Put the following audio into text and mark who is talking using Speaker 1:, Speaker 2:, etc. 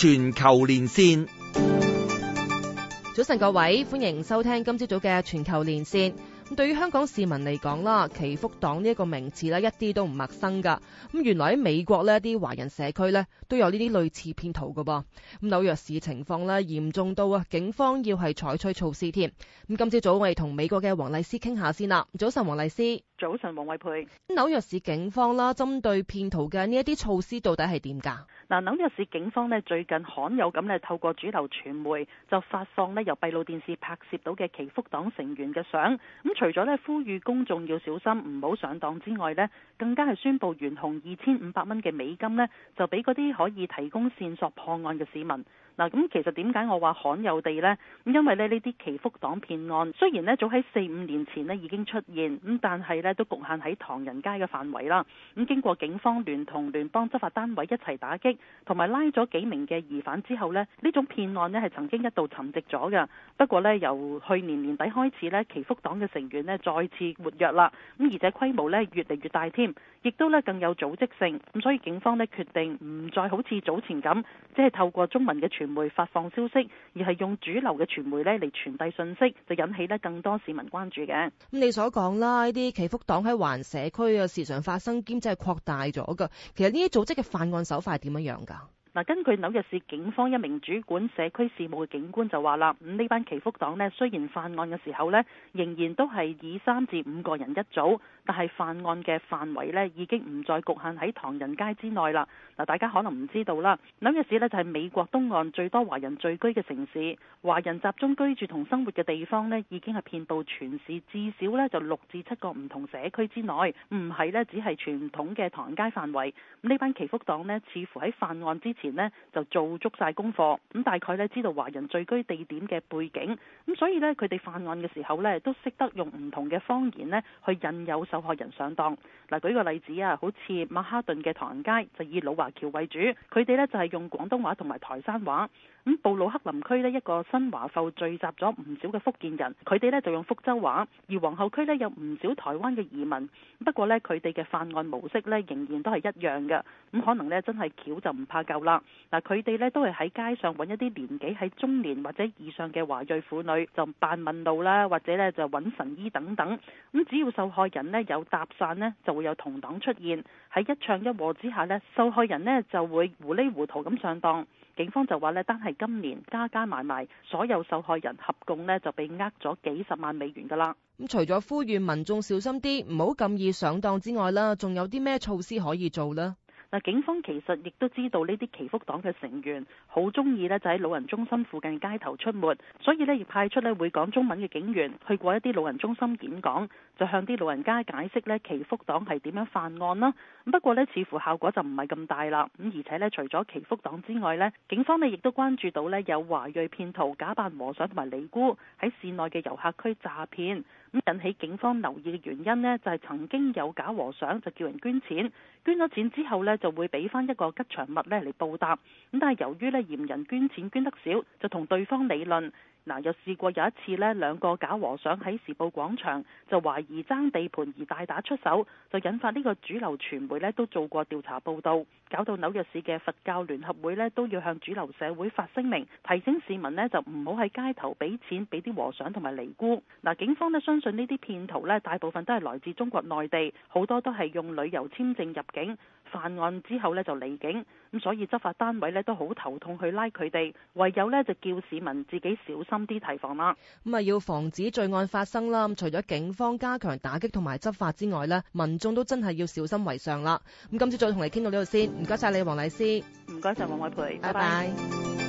Speaker 1: 全球連線，早晨各位，歡迎收聽今朝早嘅全球連線。咁對於香港市民嚟講啦，祈福黨呢一個名詞呢，一啲都唔陌生噶。咁原來喺美國呢啲華人社區呢，都有呢啲類似騙徒噶喎。咁紐約市情況呢，嚴重到啊，警方要係採取措施添。咁今朝早我哋同美國嘅黃麗施傾下先啦。早晨，黃麗施。早晨，王慧蓓。紐約市警方啦，針對
Speaker 2: 騙徒嘅呢一啲措施，到底係點㗎？嗱，紐約市警方呢，最近罕有咁呢透過主流傳媒就發放呢由閉路電視拍攝到嘅祈福黨成員嘅相。咁除咗呢呼籲公眾要小心，唔好上當之外呢，更加係宣布懸紅二千五百蚊嘅美金呢，就俾嗰啲可以提供線索破案嘅市民。嗱咁其實點解我話罕有地咧？咁因為咧呢啲祈福黨騙案雖然咧早喺四五年前咧已經出現，咁但係咧都局限喺唐人街嘅範圍啦。咁經過警方聯同聯邦執法單位一齊打擊同埋拉咗幾名嘅疑犯之後咧，呢種騙案咧係曾經一度沉寂咗嘅。不過咧由去年年底開始咧，祈福黨嘅成員咧再次活躍啦，咁而且規模咧越嚟越大添，亦都咧更有組織性。咁所以警方咧決定唔再好似早前咁，即係透過中文嘅傳。傳媒發放消息，而係用主流嘅傳媒咧嚟傳遞信息，就引起咧更多市民關注嘅。咁
Speaker 1: 你所講啦，呢啲祈福黨喺環社區啊，時常發生，兼且係擴大咗噶。其實呢啲組織嘅犯案手法係點樣樣噶？
Speaker 2: 根據紐約市警方一名主管社區事務嘅警官就話啦，咁呢班祈福黨咧，雖然犯案嘅時候仍然都係以三至五個人一組，但係犯案嘅範圍已經唔再局限喺唐人街之內啦。嗱，大家可能唔知道啦，紐約市咧就係美國東岸最多華人聚居嘅城市，華人集中居住同生活嘅地方已經係遍布全市，至少就六至七個唔同社區之內，唔係只係傳統嘅唐人街範圍。呢班祈福黨似乎喺犯案之前，呢就做足晒功課，咁大概呢知道華人聚居地點嘅背景，咁所以呢佢哋犯案嘅時候呢都識得用唔同嘅方言呢去引誘受，受害人上當。嗱，舉個例子啊，好似曼哈頓嘅唐人街就以老華僑為主，佢哋呢就係用廣東話同埋台山話。咁布魯克林區呢一個新華埠聚集咗唔少嘅福建人，佢哋呢就用福州話。而皇后區呢有唔少台灣嘅移民，不過呢佢哋嘅犯案模式呢仍然都係一樣嘅。咁可能呢真係橋就唔怕夠啦。嗱，佢哋呢都係喺街上揾一啲年紀喺中年或者以上嘅華裔婦女，就扮問路啦，或者呢就揾神醫等等。咁只要受害人呢有搭訕呢，就會有同黨出現，喺一唱一和之下呢，受害人呢就會糊裏糊塗咁上當。警方就話呢，單係今年加加埋埋，所有受害人合共呢就被呃咗幾十萬美元㗎啦。咁
Speaker 1: 除咗呼籲民眾小心啲，唔好咁易上當之外啦，仲有啲咩措施可以
Speaker 2: 做呢？嗱，警方其實亦都知道呢啲祈福黨嘅成員好中意呢就喺老人中心附近街頭出沒，所以呢亦派出呢會講中文嘅警員去過一啲老人中心演講，就向啲老人家解釋呢祈福黨係點樣犯案啦。不過呢，似乎效果就唔係咁大啦。咁而且呢，除咗祈福黨之外呢，警方呢亦都關注到呢有華裔騙徒假扮和尚同埋尼姑喺市內嘅遊客區詐騙。咁引起警方留意嘅原因咧，就係曾經有假和尚就叫人捐錢。捐咗錢之後咧，就會俾翻一個吉祥物咧嚟，報答。咁但係由於咧嫌人捐錢捐得少，就同對方理論。嗱，又試過有一次呢，兩個假和尚喺時報廣場就懷疑爭地盤而大打出手，就引發呢個主流傳媒呢都做過調查報道。搞到紐約市嘅佛教聯合會呢都要向主流社會發聲明，提醒市民呢就唔好喺街頭俾錢俾啲和尚同埋尼姑。嗱，警方呢相信呢啲騙徒呢大部分都係來自中國內地，好多都係用旅遊簽證入境。犯案之後呢，就離境，咁所以執法單位呢，都好頭痛去拉佢哋，唯有呢，就叫市民自己小心啲提防啦。咁啊，要防止罪案發生啦。咁除
Speaker 1: 咗警方加強打擊同埋執法之外呢，民眾都真係要小心為上啦。咁今次再同你傾到呢度先，唔該晒你黃麗施，唔該晒王慧蓓，拜拜。拜拜。